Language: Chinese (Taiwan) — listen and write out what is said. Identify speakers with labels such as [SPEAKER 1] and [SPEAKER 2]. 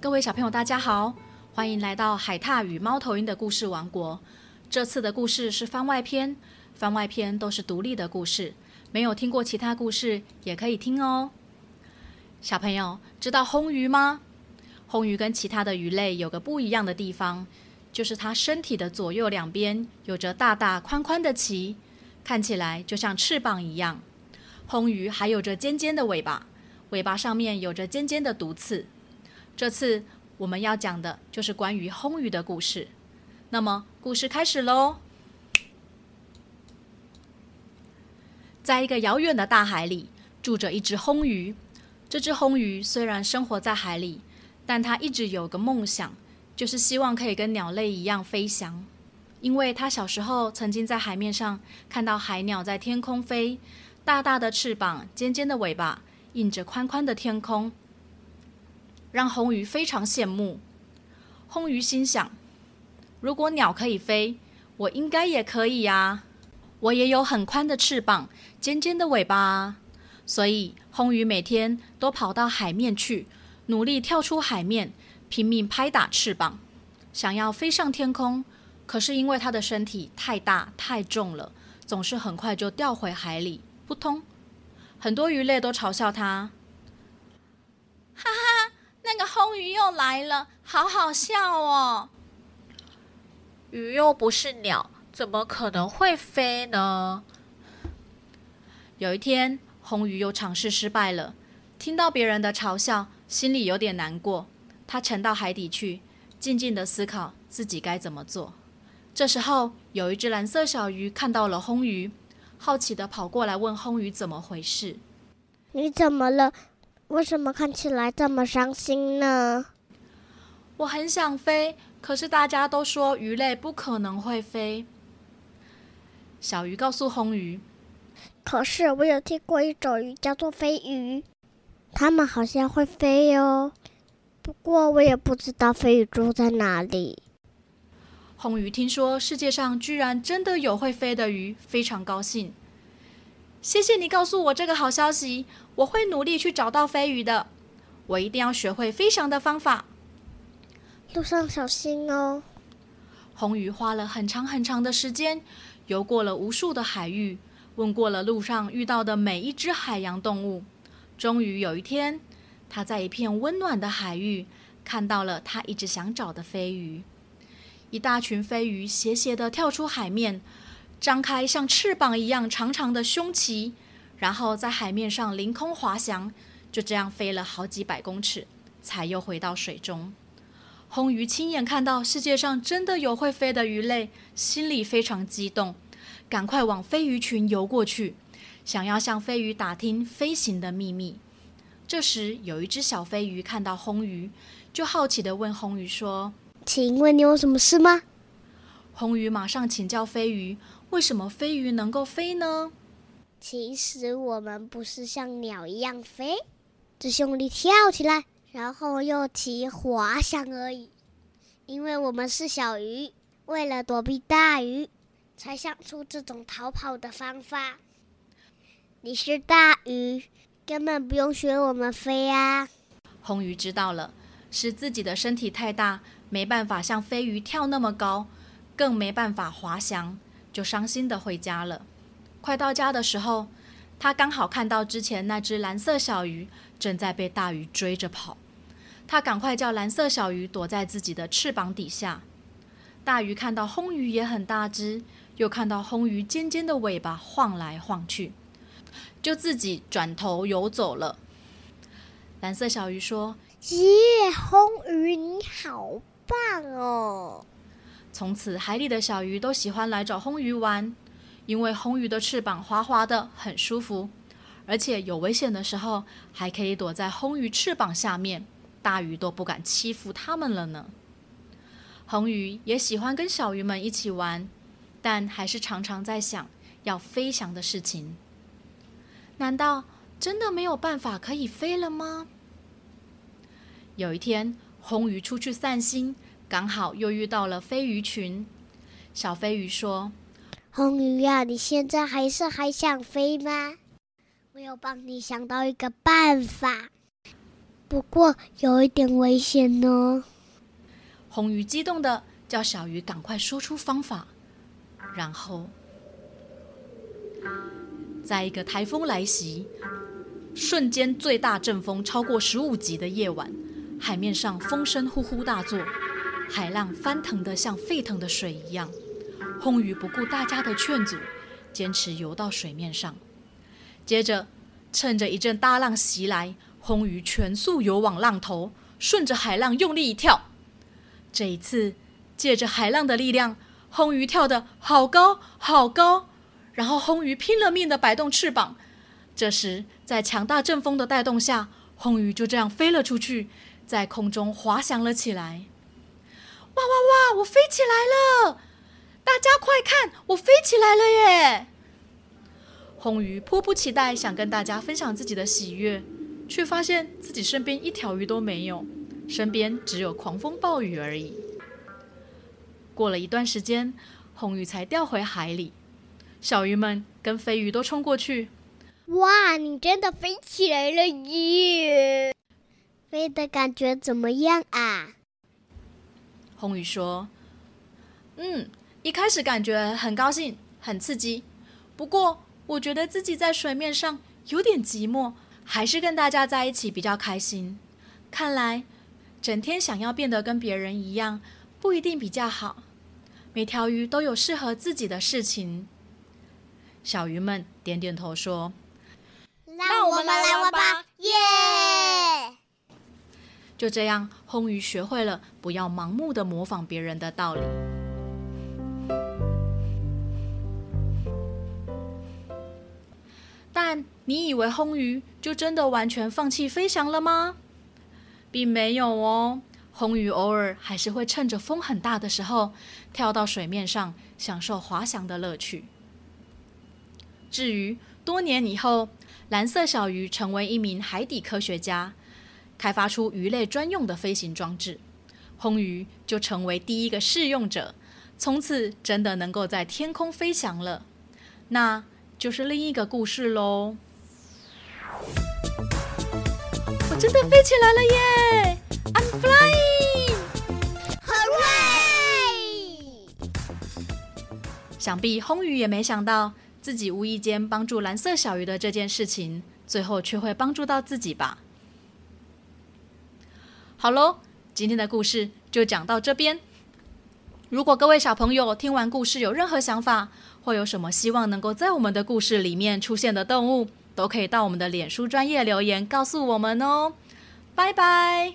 [SPEAKER 1] 各位小朋友，大家好，歡迎來到海獺與貓頭鷹的故事王國。這次的故事是番外篇，番外篇都是獨立的故事，沒有聽過其他故事也可以聽哦。小朋友知道魟魚嗎？魟魚跟其他的魚類有個不一樣的地方，就是它身體的左右兩邊有着大大寬寬的鰭，看起來就像翅膀一樣。魟魚還有着尖尖的尾巴，尾巴上面有着尖尖的毒刺。這次我們要講的就是關於魟魚的故事。那麼，故事開始嘍。在一個遙遠的大海裡，住着一隻魟魚。這隻魟魚雖然生活在海裡，但它一直有個夢想，就是希望可以跟鳥類一樣飛翔。因為它小時候曾經在海面上看到海鳥在天空飛，大大的翅膀，尖尖的尾巴，映着寬寬的天空。讓魟魚非常羨慕。魟魚心想：“如果鳥可以飛，我應該也可以啊！我也有很寬的翅膀，尖尖的尾巴，所以魟魚每天都跑到海面去，努力跳出海面，拼命拍打翅膀，想要飛上天空。可是因為它的身體太大太重了，總是很快就掉回海裡，撲通！很多魚類都嘲笑它：哈哈。”魚又來了，好好笑哦！魚又不是鳥，怎麼可能會飛呢？有一天，魟魚又嘗試失敗了，聽到別人的嘲笑，心裡有點難過。它沉到海底去，靜靜地思考自己該怎麼做。這時候，有一只藍色小魚看到了魟魚，好奇地跑過來問魟魚怎麼回事：“
[SPEAKER 2] 你怎麼了？”為什麼看起來這麼
[SPEAKER 1] 傷心呢？我很想飛，可是大家都說魚類不可能會飛。小魚告訴魟魚：“可
[SPEAKER 2] 是我有聽過一種魚叫做飛魚，它們好像會飛喲。不過我也不知道飛魚住在哪裡。”
[SPEAKER 1] 魟魚聽說世界上居然真的有會飛的魚，非常高興。謝謝你告訴我這個好消息，我會努力去找到飛魚的，我一定要學會飛翔的方法。路上小心哦。魟魚花了很長很長的時間，游過了無數的海域，問過了路上遇到的每一隻海洋動物。終於有一天，它在一片溫暖的海域看到了它一直想找的飛魚。一大群飛魚斜斜的跳出海面，張開像翅膀一樣長長的胸鰭，然後在海面上凌空滑翔，就這樣飛了好幾百公尺，才又回到水中。魟魚親眼看到世界上真的有會飛的魚類，心裡非常激動，趕快往飛魚群游過去，想要向飛魚打聽飛行的秘密。這時，有一隻小飛魚看到魟魚，就好奇地問魟魚說：“請問你有什麼事嗎？”魟魚馬上請教飛魚：“為什麼飛魚能夠飛呢？”“其
[SPEAKER 2] 實我們不是像鳥一樣飛，只是用力跳起來，然後又起滑翔而已。因為我們是小魚，為了躲避大魚，才想出這種逃跑的方法。
[SPEAKER 1] 你是大魚，根本不用學我們飛啊！”魟魚知道了，是自己的身體太大，沒辦法像飛魚跳那麼高。更沒辦法滑翔，就傷心地回家了。快到家的時候，他剛好看到之前那隻藍色小魚正在被大魚追着跑，他趕快叫藍色小魚躲在自己的翅膀底下。大魚看到魟魚也很大隻，又看到魟魚尖尖的尾巴晃來晃去，就自己轉頭游走了。藍色小魚說：“耶，魟魚你好棒哦！”從此，海裡的小魚都喜歡來找魟魚玩，因為魟魚的翅膀滑滑的，很舒服，而且有危險的時候還可以躲在魟魚翅膀下面，大魚都不敢欺負它們了呢。魟魚也喜歡跟小魚們一起玩，但還是常常在想要飛翔的事情。難道真的沒有辦法可以飛了嗎？有一天，魟魚出去散心。剛好又遇到了飛魚群，小飛魚說：“紅魚呀，你現在還是還想飛嗎？
[SPEAKER 2] 我有幫你想到一個辦法，不過
[SPEAKER 1] 有一點危險呢。”紅魚激動的叫小魚趕快說出方法，然後在一個颱風來襲、瞬間最大陣風超過十五級的夜晚，海面上風聲呼呼大作。海浪翻騰得像沸騰的水一樣，魟魚不顧大家的勸阻，堅持游到水面上。接着，趁着一陣大浪襲來，魟魚全速游往浪頭，順着海浪用力一跳。這一次，借着海浪的力量，魟魚跳得好高好高。然後，魟魚拼了命的擺動翅膀。這時，在強大陣風的帶動下，魟魚就這樣飛了出去，在空中滑翔了起來。哇哇哇！我飛起來了，大家快看，我飛起來了耶！魟魚迫不及待想跟大家分享自己的喜悅，卻發現自己身邊一條魚都沒有，身邊只有狂風暴雨而已。過了一段時間，魟魚才掉回海裡，小魚們跟飛魚都衝過去。哇！你真的飛起來了耶！飛的
[SPEAKER 2] 感覺怎麼樣啊？魟魚說：“
[SPEAKER 1] 嗯，一開始感覺很高興，很刺激。不過我覺得自己在水面上有點寂寞，還是跟大家在一起比較開心。看來整天想要變得跟別人一樣，不一定比較好。每條魚都有適合自己的事情。”小魚們點點頭說：“
[SPEAKER 2] 那我們來玩吧，耶！”
[SPEAKER 1] 就這樣，魟魚學會了不要盲目的模仿別人的道理。但你以為魟魚就真的完全放棄飛翔了嗎？並沒有哦，魟魚偶爾還是會趁着風很大的時候跳到水面上，享受滑翔的樂趣。至於多年以後，藍色小魚成為一名海底科學家。開發出魚類專用的飛行裝置，魟魚就成為第一個試用者，從此真的能夠在天空飛翔了。那就是另一個故事嘍。我真的飛起來了耶！I'm flying，hurray！想必魟魚也沒想到，自己無意間幫助藍色小魚的這件事情，最後卻會幫助到自己吧。好嘍，今天的故事就講到這邊。如果各位小朋友聽完故事有任何想法，或有什麼希望能夠在我們的故事裡面出現的動物，都可以到我們的臉書專頁留言告訴我們哦。拜拜。